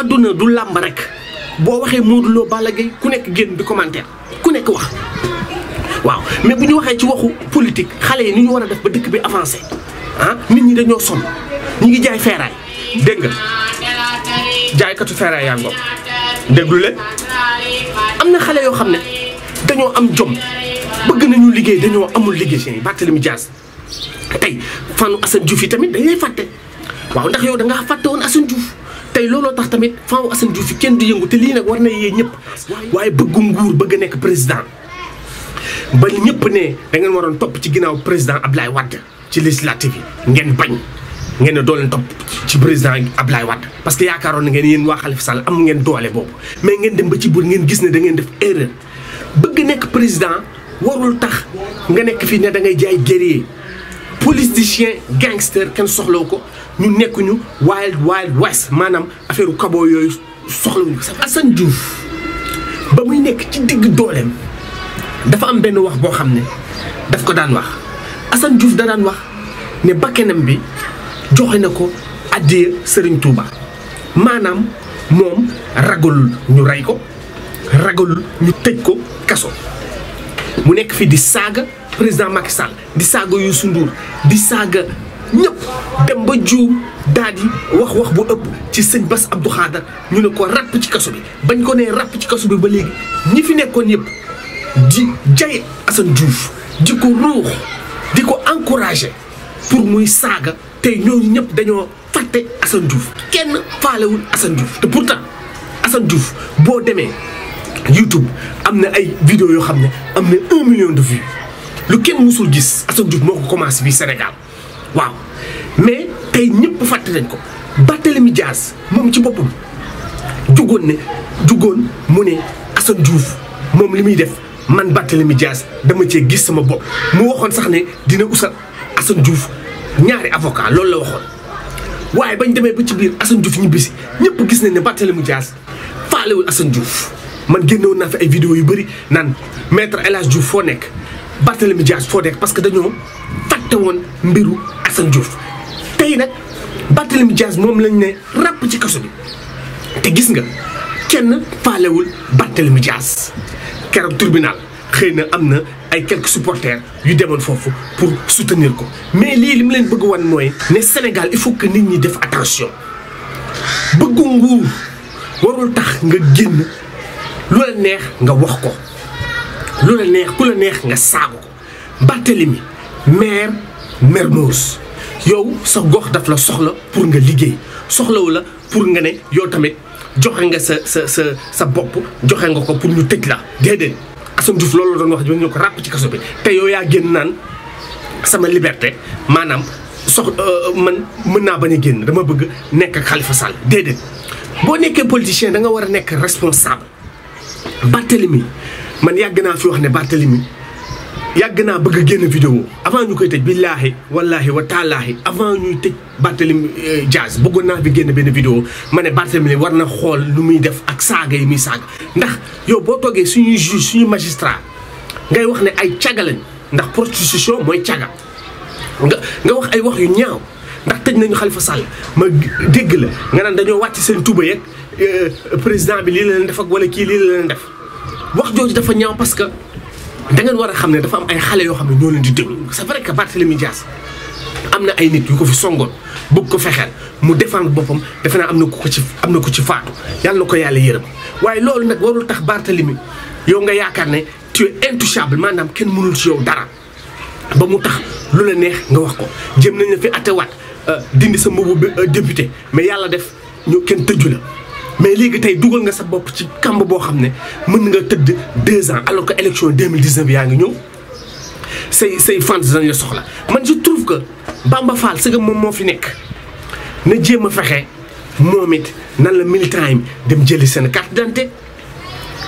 àdduna du làmb rek boo waxee Modou loo Balla Gaye ku nekk génn di commentaire ku nekk wax waaw mais bu ñu waxee ci waxu politique xale yi ni ñu war a def ba dëkk bi avancé ah nit ñi dañoo sonn ñu ngi jaay feeraay dégg nga jaaykatu feeraay yaa ngoog déglu leen am na xale yoo xam ne dañoo am jom bëgg nañu liggéey dañoo amul liggéey Barthélémy Dias tey fanu Assane juuf yi tamit dañ lay fàtte waaw ndax yow da nga fàtte woon Assane Diouf tey looloo tax tamit faaw Assane Diouf fi kenn du yëngu te lii nag war na yee ñëpp waaye bëgg nguur bëgg nekk président ba ñëpp ne da ngeen waroon topp ci ginnaaw président Ablaye Wade ci législative yi ngeen bañ ngeen ne doo leen topp ci président Ablaye Wade. parce que yaakaaroon na ngeen yéen waa Khalifa Sall am ngeen doole boobu mais ngeen dem ba ci biir ngeen gis ne dangeen ngeen def erreur bëgg nekk président warul tax nga nekk fii ne da ngay jaay guerrier politicien gangster kenn soxlaw ko. ñu nekkuñu wild wild west maanaam affaire kabo yooyu soxlawuñu sax Assane Diouf ba muy nekk ci digg dooleem dafa am benn wax boo xam ne daf ko daan wax Assane Diouf da daan wax ne bakkenam bi joxe na ko addiya sëriñ Touba maanaam moom ragalul ñu rey ko ragalul ñu tëj ko kaso mu nekk fii di saaga président Macky Sall di saaga Youssou Ndour di saaga. ñëpp dem ba juum daal di wax wax bu ëpp ci sëñ Bass Abdou Khadre ñu ne ko ràpp ci kaso bi bañ ko nee ràpp ci kaso bi ba léegi ñi fi nekkoon yëpp di jaye Assane Diouf di ko ruux di ko encouragé pour muy saaga tey ñooñu ñëpp dañoo fàtte Assane Diouf kenn faalewul Assane Diouf te pourtant Assane Diouf boo demee YouTube am na ay vidéo yoo xam ne am na un million de vues lu kenn musul gis Assane Diouf moo ko commencé fii Sénégal waaw mais tey ñëpp fàtte nañ ko Barthélemy Dias moom ci boppam jugoon ne jugoon mu ne Assane Diouf moom li muy def man Barthélemy Dias dama cee gis sama bopp mu waxoon sax ne dina usal Assane Diouf ñaari avocat loolu la waxoon waaye bañ demee ba ci biir Assane Diouf ñibbisi ñëpp gis nañ ne Barthélemy Dias faalewul Assane Diouf man génnewoon naa fi ay vidéo yu bëri naan maître El Hadj Diouf foo nekk Barthélemy Dias foo nekk parce que dañoo fàtte woon mbiru Assane Diouf tey nag Barthélémy Dias moom lañ ne rap ci kasso bi te gis nga kenn falewul Barthélémy Dias keroog tribunal xeyna amna ay quelques supporters yu demoon fofu pour soutenir ko mais li lim leen bëgg wan moy né Sénégal il faut que nit ñi def attention bëggu nguur warul tax nga génn lu la neex nga wax ko lu la neex ku la neex nga saago ko Barthélémy maire Mermoz yow sa gox daf la soxla pour nga liggéey soxla la pour nga ne yow tamit joxe nga sa sa sa sa bopp joxe nga ko pour ñu tëj la déedéet Assane duf loolu doon wax ñu ko rap ci kasso bi te yow yaa génn naan sama liberté maanaam sox euh, man mën naa bañ a génn dama bëgg nekk Khalifa Sall déedéet boo nekkee politicien da nga war a nekk responsable Barthélemy man yàgg naa fi wax ne Barthélemy yàgg naa bëgg génn vidéo avant ñu koy tëj billaahi wallaahi wa taalaahi avant ñuy tëj Barthélémy euh, Dias bëggoon naa bi génn benn vidéo ma ne Barthélémy war na xool nu muy def ak saaga yi muy saaga ndax yow boo toogee suñuy juge suñuy magistrat ngay wax ne ay caga ndax prostitution mooy caga nga nga wax ay wax yu ñaaw ndax tëj nañu xalifa Sall ma dégg la nga naan dañoo wàcc seen tuba yeeg euh, président bi lii la leen def ak wala kii lii la leen def wax jooju dafa ñaaw parce que dangeen war a xam ne dafa am ay xale yoo xam ne ñoo leen di déglu c'est vrai que Barthélémy Dias am na ay nit yu ko fi songoon bëgg ko fexeel mu défendre boppam defe naa am na ko ci am na ko ci faatu yàlla na ko yàlla yërëm waaye loolu nag warul tax Barthélémy yow nga yaakaar ne tu es intouchable maanaam kenn mënul ci yow dara ba mu tax lu la neex nga wax ko jëm nañ la fi attewaat euh, dindi sa mbubu euh, député mais yàlla def ñu kenn tëju mais léegi tey dugal nga sa bopp ci kàmb boo xam ne mën nga tëdd deux ans alors que élection 2019 yaa ngi ñëw say say fans sa la soxla man je trouve que Bamba Fall sëga moom moo fi nekk na jéem a fexe moom it nan la militant yi dem jëli seen carte d'identité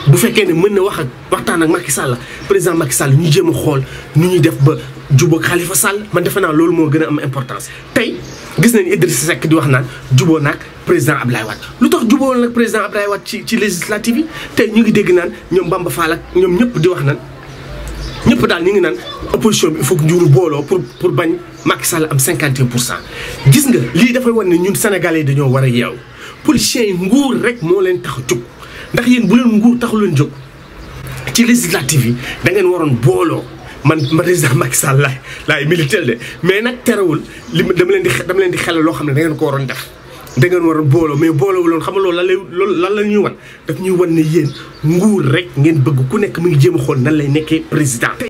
bu fekkee ne mën na wax ak waxtaan ak Macky Sall président Macky Sall ñu jéem a xool nu ñuy def ba jubóog xalifa Sall man defe naa loolu moo gën a am importance tey gis nañu Idrissa Seck di wax naan juboo naag président Ablaye Wade lu tax juboo nag président Ablaye Wade ci ci législative yi te ñu ngi dégg naan ñoom Bamba Fall ñoom ñëpp di wax naan ñëpp daal ñu ngi naan opposition bi il booloo pour pour bañ Macky Sall am 51 pour cent. gis nga lii dafay wan ne ñun sénégalais dañoo war a yeewu politiciens yi nguur rek moo leen tax a jóg ndax yéen bu leen nguur taxu leen jóg ci législative yi da ngeen waroon booloo. man président Macky Sall laay laay militaire de mais nag terewul li dama leen di dama leen di xel loo xam ne da ngeen ko waroon def da ngeen waroon booloo mais booloo loolu xam nga loolu lan lay loolu la ñuy wan daf ñuy wan ne yéen nguur rek ngeen bëgg ku nekk mu ngi jéem a xool nan lay nekkee président.